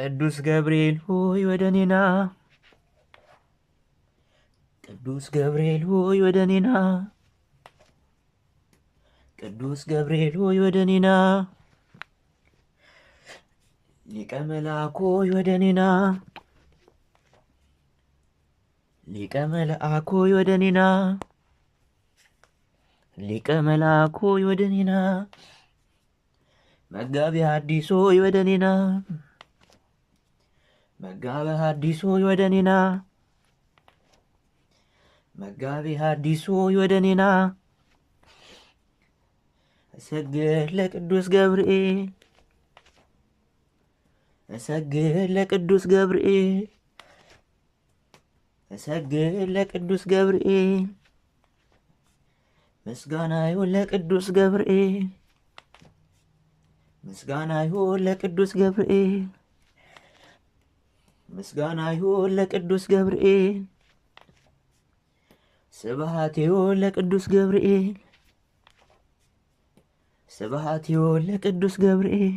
ቅዱስ ገብርኤል ሆይ ወደ እኔና ቅዱስ ገብርኤል ሆይ ወደ እኔና ቅዱስ ገብርኤል ሆይ ወደ እኔና ሊቀ መልአክ ሆይ ወደ እኔና ሊቀ መልአክ ሆይ ወደ እኔና ሊቀ መልአክ ሆይ ወደ እኔና መጋቢ አዲስ ሆይ ወደ እኔና መጋቢ ሐዲሱ ወደ እኔ ና መጋቢ ሐዲሱ ወደ እኔ ና እሰግድ ለቅዱስ ገብርኤል እሰግድ ለቅዱስ ገብርኤል እሰግድ ለቅዱስ ገብርኤል ምስጋና ይሁን ለቅዱስ ገብርኤል ምስጋና ይሁን ለቅዱስ ገብርኤል ምስጋና ይሁን ለቅዱስ ገብርኤል፣ ስብሐት ይሁን ለቅዱስ ገብርኤል፣ ስብሐት ይሁን ለቅዱስ ገብርኤል፣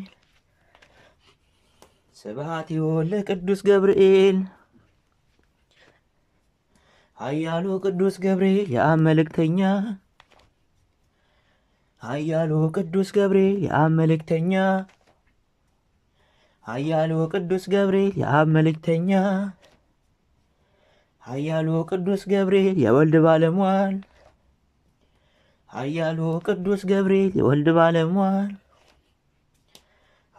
ስብሐት ይሁን ለቅዱስ ገብርኤል። ኃያሉ ቅዱስ ገብርኤል የአብ መልእክተኛ፣ ኃያሉ ቅዱስ ገብርኤል የአብ መልእክተኛ ኃያሉ ቅዱስ ገብርኤል የአብ መልእክተኛ ኃያሉ ቅዱስ ገብርኤል የወልድ ባለሟል ኃያሉ ቅዱስ ገብርኤል የወልድ ባለሟል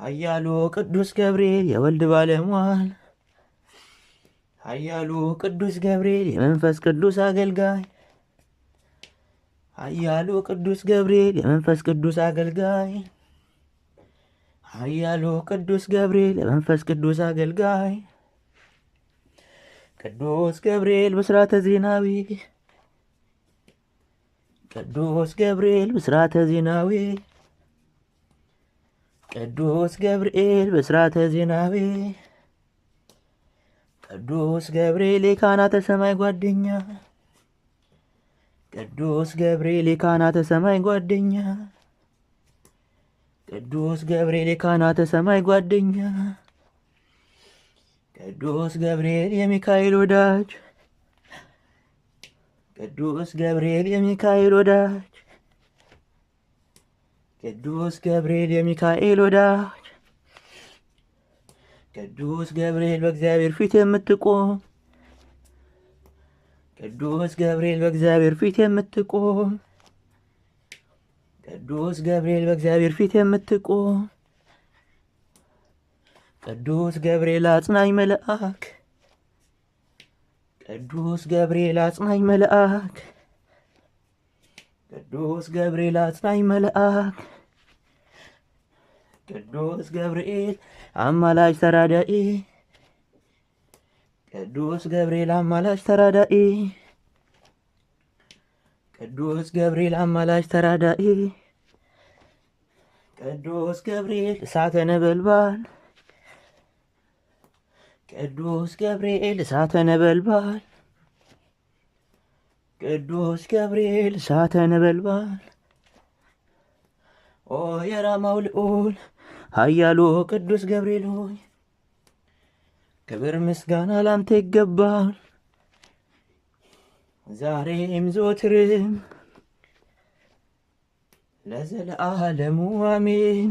ኃያሉ ቅዱስ ገብርኤል የወልድ ባለሟል ኃያሉ ቅዱስ ገብርኤል የመንፈስ ቅዱስ አገልጋይ ኃያሉ ቅዱስ ገብርኤል የመንፈስ ቅዱስ አገልጋይ ኃያሉ ቅዱስ ገብርኤል የመንፈስ ቅዱስ አገልጋይ ቅዱስ ገብርኤል ብስራተ ዜናዊ ቅዱስ ገብርኤል ብስራተ ዜናዊ ቅዱስ ገብርኤል ብስራተ ዜናዊ ቅዱስ ገብርኤል የካህናተ ሰማይ ጓደኛ ቅዱስ ገብርኤል የካህናተ ሰማይ ጓደኛ ቅዱስ ገብርኤል የካህናተ ሰማይ ጓደኛ፣ ቅዱስ ገብርኤል የሚካኤል ወዳጅ፣ ቅዱስ ገብርኤል የሚካኤል ወዳጅ፣ ቅዱስ ገብርኤል የሚካኤል ወዳጅ፣ ቅዱስ ገብርኤል በእግዚአብሔር ፊት የምትቆም ቅዱስ ገብርኤል በእግዚአብሔር ፊት የምትቆም ቅዱስ ገብርኤል በእግዚአብሔር ፊት የምትቆም ቅዱስ ገብርኤል አጽናኝ መልአክ ቅዱስ ገብርኤል አጽናኝ መልአክ ቅዱስ ገብርኤል አጽናኝ መልአክ ቅዱስ ገብርኤል አማላጅ ተራዳኢ ቅዱስ ገብርኤል አማላጅ ተራዳኢ ቅዱስ ገብርኤል አማላጅ ተራዳኢ ቅዱስ ገብርኤል እሳተ ነበልባል ቅዱስ ገብርኤል እሳተ ነበልባል ቅዱስ ገብርኤል እሳተ ነበልባል ኦ የራማው ልዑል ኃያሉ ቅዱስ ገብርኤል ሆይ ክብር ምስጋና ላንተ ይገባል። ዛሬም ዞትርም ለዘለዓለሙ አሜን።